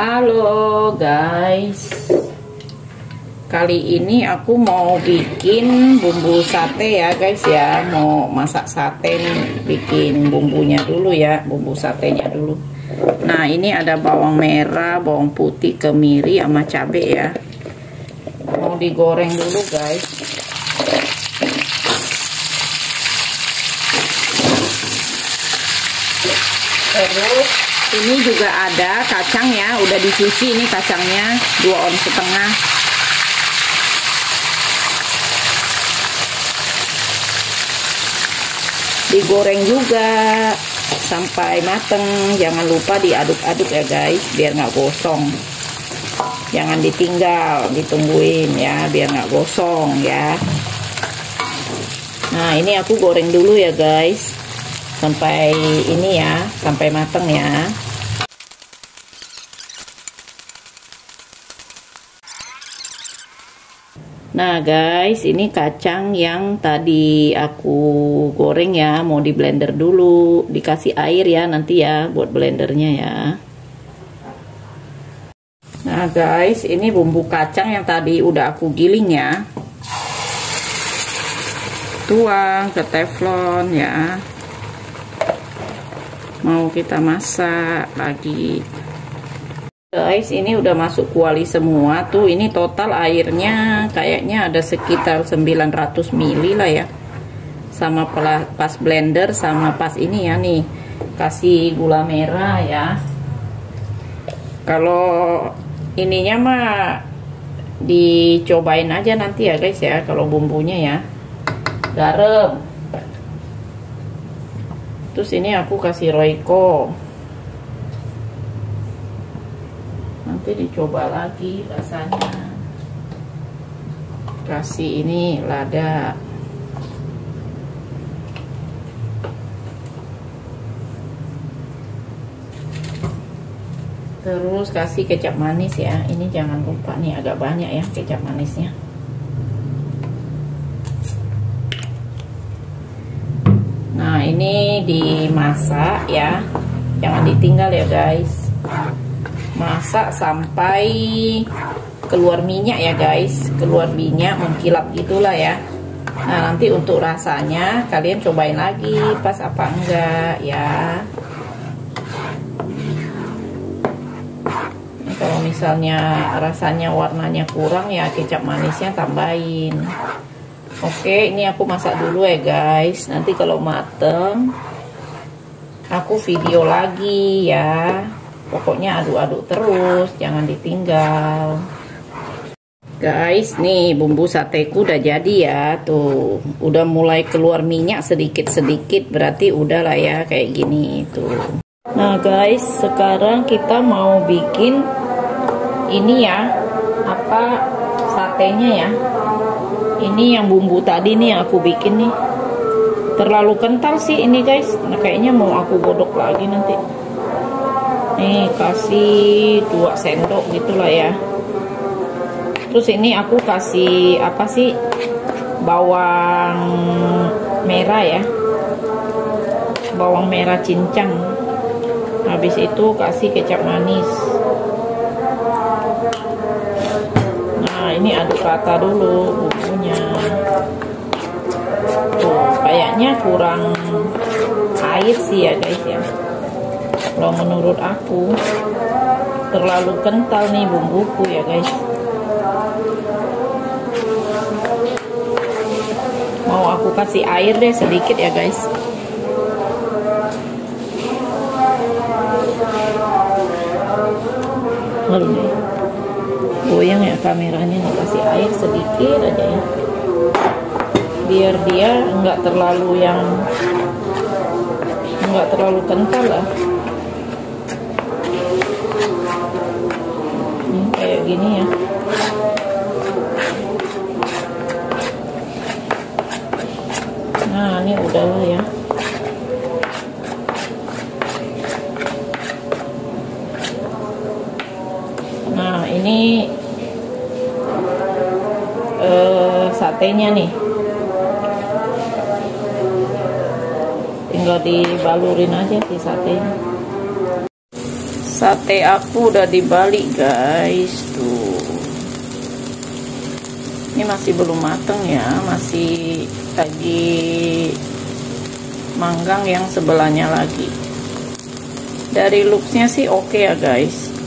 Halo guys Kali ini aku mau bikin bumbu sate ya guys ya Mau masak sate nih Bikin bumbunya dulu ya Bumbu satenya dulu Nah ini ada bawang merah, bawang putih, kemiri sama cabai ya Mau digoreng dulu guys Terus ini juga ada kacang ya udah dicuci ini kacangnya 2 on setengah digoreng juga sampai mateng jangan lupa diaduk-aduk ya guys biar nggak gosong jangan ditinggal ditungguin ya biar nggak gosong ya nah ini aku goreng dulu ya guys sampai ini ya sampai mateng ya Nah guys ini kacang yang tadi aku goreng ya mau di blender dulu dikasih air ya nanti ya buat blendernya ya Nah guys ini bumbu kacang yang tadi udah aku giling ya Tuang ke teflon ya mau kita masak lagi guys ini udah masuk kuali semua tuh ini total airnya kayaknya ada sekitar 900 ml lah ya sama pas blender sama pas ini ya nih kasih gula merah ya kalau ininya mah dicobain aja nanti ya guys ya kalau bumbunya ya garam terus ini aku kasih Royco nanti dicoba lagi rasanya kasih ini lada terus kasih kecap manis ya ini jangan lupa nih agak banyak ya kecap manisnya dimasak ya jangan ditinggal ya guys masak sampai keluar minyak ya guys keluar minyak mengkilap gitulah ya nah nanti untuk rasanya kalian cobain lagi pas apa enggak ya kalau misalnya rasanya warnanya kurang ya kecap manisnya tambahin Oke, ini aku masak dulu ya guys. Nanti kalau mateng aku video lagi ya pokoknya aduk-aduk terus jangan ditinggal guys nih bumbu sateku udah jadi ya tuh udah mulai keluar minyak sedikit-sedikit berarti udah lah ya kayak gini itu. nah guys sekarang kita mau bikin ini ya apa satenya ya ini yang bumbu tadi nih aku bikin nih terlalu kental sih ini guys nah, kayaknya mau aku godok lagi nanti nih kasih dua sendok gitulah ya terus ini aku kasih apa sih bawang merah ya bawang merah cincang habis itu kasih kecap manis nah ini aduk rata dulu bumbunya kayaknya kurang air sih ya guys ya kalau menurut aku terlalu kental nih bumbuku ya guys mau aku kasih air deh sedikit ya guys belum goyang ya kameranya nih kasih air sedikit aja ya biar dia nggak terlalu yang nggak terlalu kental lah hmm, kayak gini ya nah ini udah lah ya nah ini uh, satenya nih tinggal dibalurin aja si sate. sate aku udah dibalik guys tuh ini masih belum mateng ya masih lagi manggang yang sebelahnya lagi dari looksnya sih oke okay ya guys